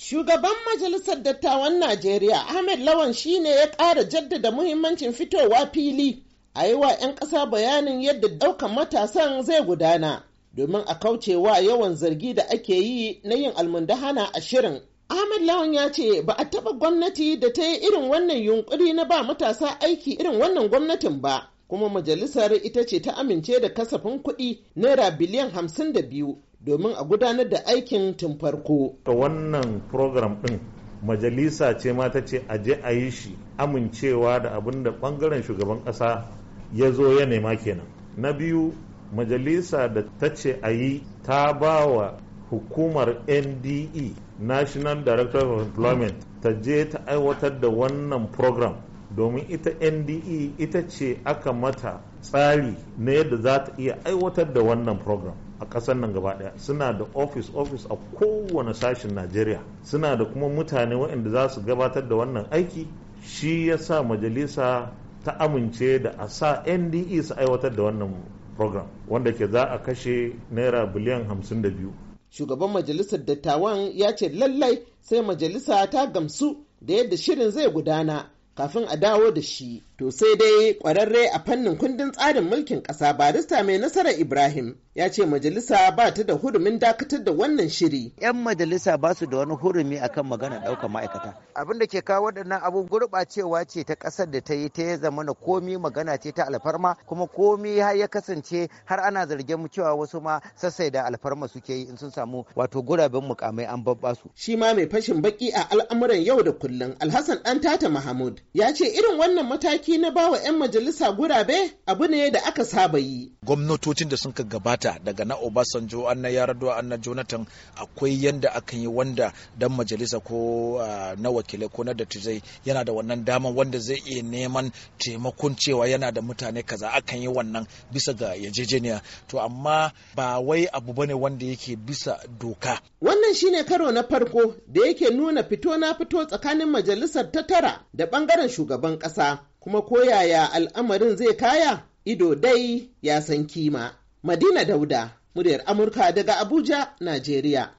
Shugaban Majalisar Dattawan Najeriya Ahmed Lawan shine ya ƙara jaddada muhimmancin fitowa fili a yi wa 'yan ƙasa bayanin yadda ɗaukan matasan zai gudana domin a kaucewa yawan zargi da ake yi na yin almundahana a shirin. Ahmed Lawan ya ce ba a taɓa gwamnati da ta yi irin wannan yunƙuri na ba matasa aiki irin wannan gwamnatin ba. kuma majalisar ita ce ta amince da kasafin kuɗi naira biliyan hamsin da biyu domin a gudanar da aikin tun farko. ta wannan program ɗin majalisa ce ma ta ce a je a yi shi amincewa da abin da ɓangaren shugaban ƙasa ya zo ya nema kenan na biyu majalisa da ta ce a yi ta ba wa hukumar nde national director of employment ta je ta aiwatar da wannan program domin ita nde ita ce aka mata tsari na yadda za ta iya aiwatar da wannan program a ƙasar nan gaba ɗaya suna da office office a kowane sashen najeriya suna da kuma mutane waɗanda za su gabatar da wannan aiki shi ya sa majalisa ta amince da a sa nde su aiwatar da wannan program wanda ke za a kashe naira biliyan hamsin da biyu shugaban majalisar dattawan ya ce lallai sai majalisa ta gamsu da yadda shirin zai gudana kafin a dawo da shi. To sai dai kwararre a fannin kundin tsarin mulkin ƙasa barista mai nasarar Ibrahim ya ce majalisa ba ta da hurumin dakatar da wannan shiri. 'Yan majalisa ba su da wani hurumi akan magana ɗaukar ma'aikata. Abin da ke kawo waɗannan abu gurɓacewa ce ta ƙasar da ta yi ta ya zama na komi magana ce ta alfarma kuma komi har ya kasance har ana zargin mu cewa wasu ma sassai da alfarma suke yi in sun samu wato guraben mukamai an su Shi ma mai fashin baki a al'amuran yau da kullum Alhassan ɗan tata Mahmud ya ce irin wannan mataki na bawa 'yan majalisa gurabe abu ne da aka saba yi. Gwamnatocin da sun ka gabata daga na Obasanjo, an na Yaradua, an Jonathan akwai yanda akan yi wanda dan majalisa ko ah, na wakilai ko na dattijai yana da wannan daman wanda zai iya neman taimakon cewa yana da mutane kaza akan yi wannan bisa ga yarjejeniya. To amma ba wai abu bane wanda yake bisa doka. Wannan shine karo na farko da yake nuna fito na fito tsakanin majalisar ta tara da bangaren tsarin shugaban ƙasa kuma koyaya al'amarin zai kaya ido dai ya san kima. Madina Dauda, muryar Amurka daga Abuja, Najeriya.